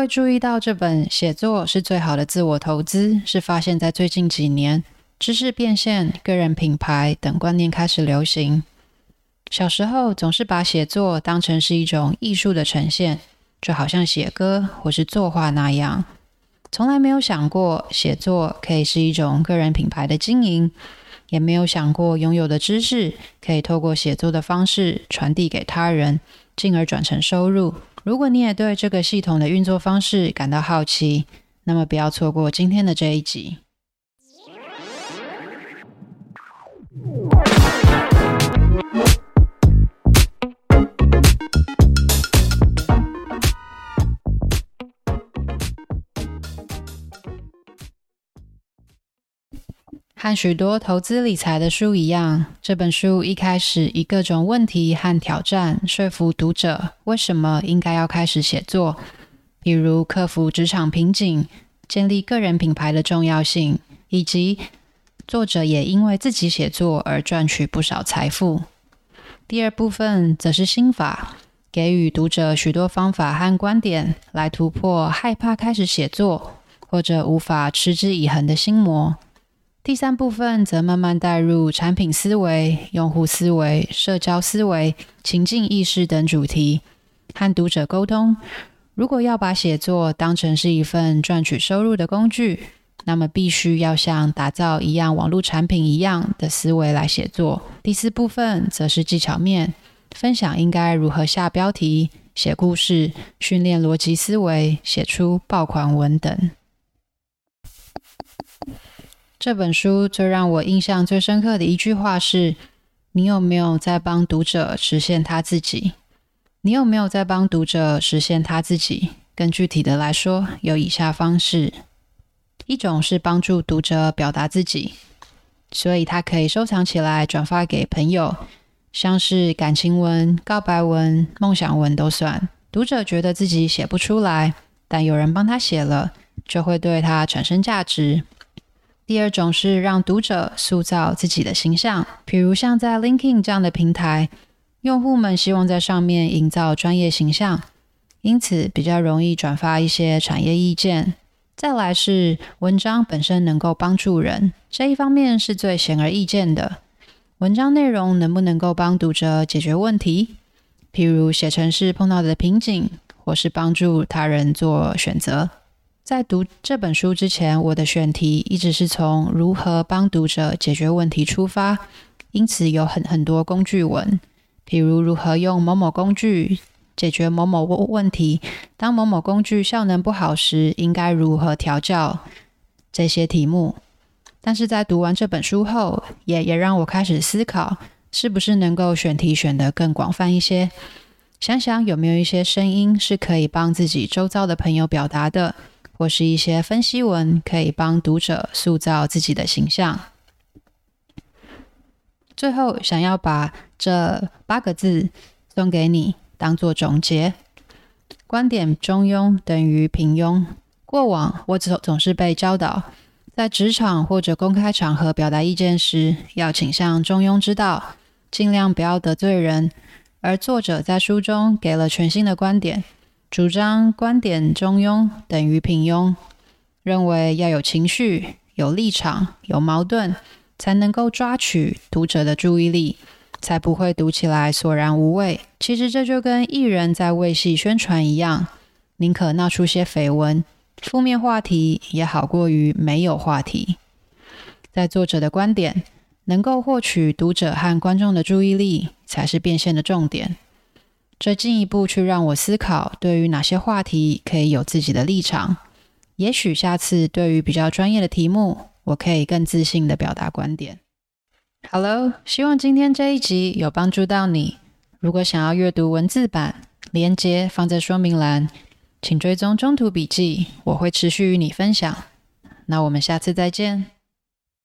會注意到，這本寫作是最好的自我投資，是發現在最近幾年，知識變現、個人品牌等觀念開始流行。小時候總是把寫作當成是一種藝術的呈現，就好像寫歌或是作畫那樣，從來沒有想過寫作可以是一種個人品牌的經營，也沒有想過擁有的知識可以透過寫作的方式傳遞給他人，進而轉成收入。如果你也對這個系統的運作方式感到好奇，那麼不要錯過今天的這一集。像許多投資理財的書一樣，這本書一開始以各種問題和挑戰說服讀者為什麼應該要開始寫作，比如克服職場瓶頸、建立個人品牌的重要性，以及作者也因為自己寫作而賺取不少財富。第二部分則是心法，給予讀者許多方法和觀點來突破害怕開始寫作或者無法持之以恆的心魔。第三部分則慢慢帶入產品思維、用戶思維、社交思維、情境意識等主題，和讀者溝通。如果要把寫作當成是一份賺取收入的工具，那麼必須要像打造一樣網絡產品一樣的思維來寫作。第四部分則是技巧面，分享應該如何下標題、寫故事、訓練邏輯思維、寫出爆款文等。這本書最讓我印象最深刻的一句話是：“你有沒有在幫讀者實現他自己？你有沒有在幫讀者實現他自己？更具體的來說，有以下方式：一種是幫助讀者表達自己，所以他可以收藏起來轉發給朋友，像是感情文、告白文、夢想文都算。讀者覺得自己寫不出來，但有人幫他寫了，就會對他產生價值。”第二種是讓讀者塑造自己的形象，比如像在 LinkedIn 這樣的平台，用戶們希望在上面營造專業形象，因此比較容易轉發一些產業意見。再來是文章本身能夠幫助人，這一方面是最顯而易見的。文章內容能不能夠幫讀者解決問題？譬如寫程式碰到的瓶頸，或是幫助他人做選擇。在讀這本書之前，我的選題一直是從如何幫讀者解決問題出發，因此有很很多工具文，比如如何用某某工具解決某某問問題，當某某工具效能不好時，應該如何調教這些題目。但是在讀完這本書後，也也讓我開始思考，是不是能夠選題選得更廣泛一些，想想有沒有一些聲音是可以幫自己周遭的朋友表達的。或是一些分析文，可以幫讀者塑造自己的形象。最後，想要把這八個字送給你，當做總結：觀點中庸等於平庸。過往我總總是被教導，在職場或者公開場合表達意見時，要傾向中庸之道，盡量不要得罪人。而作者在書中給了全新的觀點。主張觀點中庸等於平庸，認為要有情緒、有立場、有矛盾，才能夠抓取讀者的注意力，才不會讀起來索然無味。其實這就跟藝人在為戲宣傳一樣，寧可鬧出些緋聞、負面話題，也好過於沒有話題。在作者的觀點，能夠獲取讀者和觀眾的注意力，才是變現的重點。這進一步去讓我思考，對於哪些話題可以有自己的立場。也許下次對於比較專業的題目，我可以更自信地表達觀點。Hello，希望今天這一集有幫助到你。如果想要閱讀文字版，連結放在說明欄，請追蹤中途筆記，我會持續與你分享。那我們下次再見。